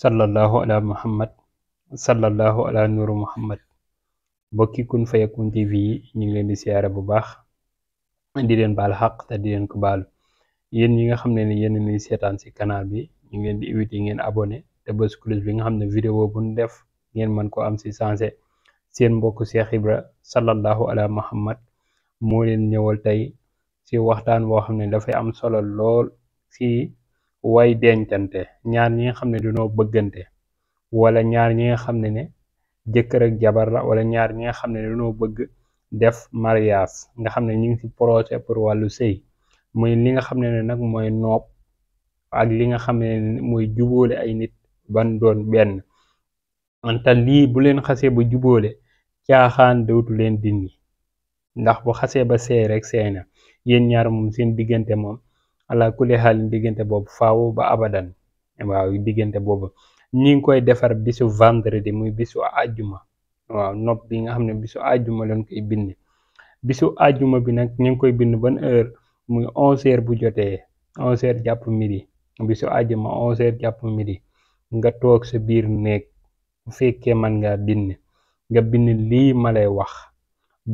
sallallahu ala muhammad sallallahu ala nuru muhammad mbokki Kun Fayakoun TV yi ñu ngi leen di siyaare bu baax di leen ba xaq te di leen ko baalu yéen ñi nga xam ne ni yéen a seetaan si canal bi ñu ngi leen di invité ngeen abonné te bés cloche bi nga xam ne vidéo bu ñu def ngeen mën ko am si sensé seen mbokk Cheikh Ibra sallallahu ala muhammad moo leen ñëwal tey si waxtaan woo xam ne dafay am solo lool si. way dencante ñaar ñi nga xam ne dañoo bëggante wala ñaar ñi nga xam ne ne jëkkër ak jabar la wala ñaar ñi nga xam ne dañoo bëgg def mariage nga xam ne ñu ngi ci projet pour wàllu sëy mooy li nga xam ne ne nag mooy noob ak li nga xam ne mooy jubóole ay nit ban doon benn anta lii bu leen xasee ba jubóole caaxaan dootu leen dindi ndax bu xasee ba seey rek seey na yéen ñaar moom seen diggante moom ala kulli xaalin diggante boobu faaw ba abadan waaw diggante boobu ñi ngi koy defar bisu vendredi muy bisu ajuma waaw nopp bi nga xam ne bisu àjjuma lañ koy bind bisu ajuma bi nag ñu ngi koy bind ban heure muy onze heures bu jotee onze heures jàpp midi bisu àjjuma onze heures jàpp midi nga toog sa biir néeg bu fekkee man nga bind nga bind lii ma wax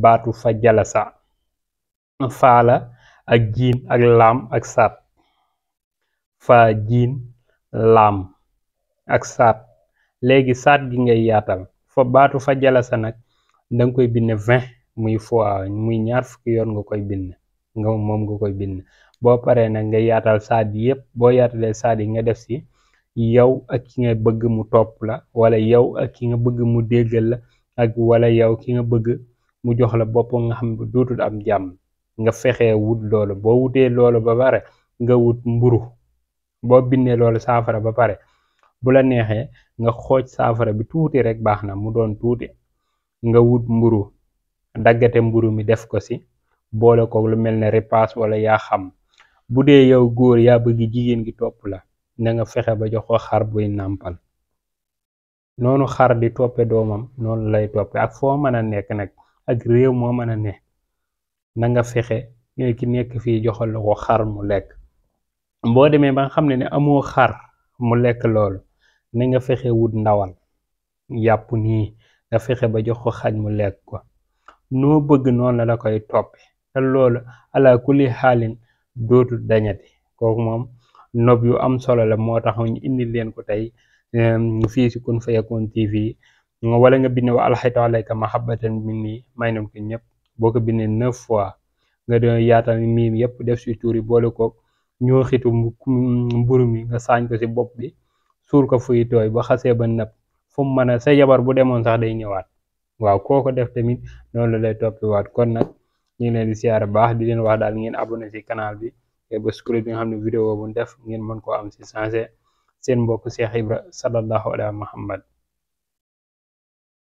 baatu fa jalasa faala ak jiin ak laam ak saat faa jiin laam ak saat léegi saat gi ngay yaatal fa baatu fa jalasa nag danga koy bind vingt muy fois muy ñaar fukki yoon nga koy bind nga moom nga koy bind boo paree nag nga yaatal saat yi yëpp boo yaatalee saat yi nga def si yow ak ki nga bëgg mu top la wala yow ak ki nga bëgg mu déggal la ak wala yow ki nga bëgg mu jox la bopp nga xam dootul am jàmm nga fexe wut loolu boo wutee loolu ba pare nga wut mburu boo bindee loolu saafara ba pare bu la neexee nga xooj saafara bi tuuti rek baax na mu doon tuuti nga wut mburu daggate mburu mi def ko ci boole ko lu mel ne repas wala yaa xam bu dee yow góor yaa bëgg jigéen gi topp la na nga fexe ba jox ko xar buy nàmpal noonu xar di toppe doomam noonu lay toppe ak foo mën a nekk nag ak réew moo mën a ne na nga fexe ki nekk fii joxal la ko xar mu lekk boo demee ba nga xam ne ne amoo xar mu lekk loolu na nga fexe wut ndawal yàpp nii nga fexe ba jox ko xaj mu lekk ko noo bëgg noonu la da koy toppe te loolu ala kulli xaalin dootul dañati kooku moom nob yu am solo la moo tax ñu indi leen ko tey fii si Kun Fayakoun TV wala nga bind wa alxaytu alayka mahabbatan minni may nañ ko ñëpp boo ko bindee neuf fois nga doon yaatal miim yëpp def si tuur yi boole koog ñoo xitu mburu mi nga saañ ko si bopp bi suur ko fuy tooy ba xasee ba napp fu mu mën a sa jabar bu demoon sax day ñëwaat waaw koo ko def tamit noonu la lay toppiwaat kon nag ñu ngi leen di siyaare baax di leen wax daal ngeen abonné si kanaal bi te ba scroll bi nga xam ne vidéo bu def ngeen mën koo am si sensé seen mbokk Cheikh Ibra sallallahu ala Muhammad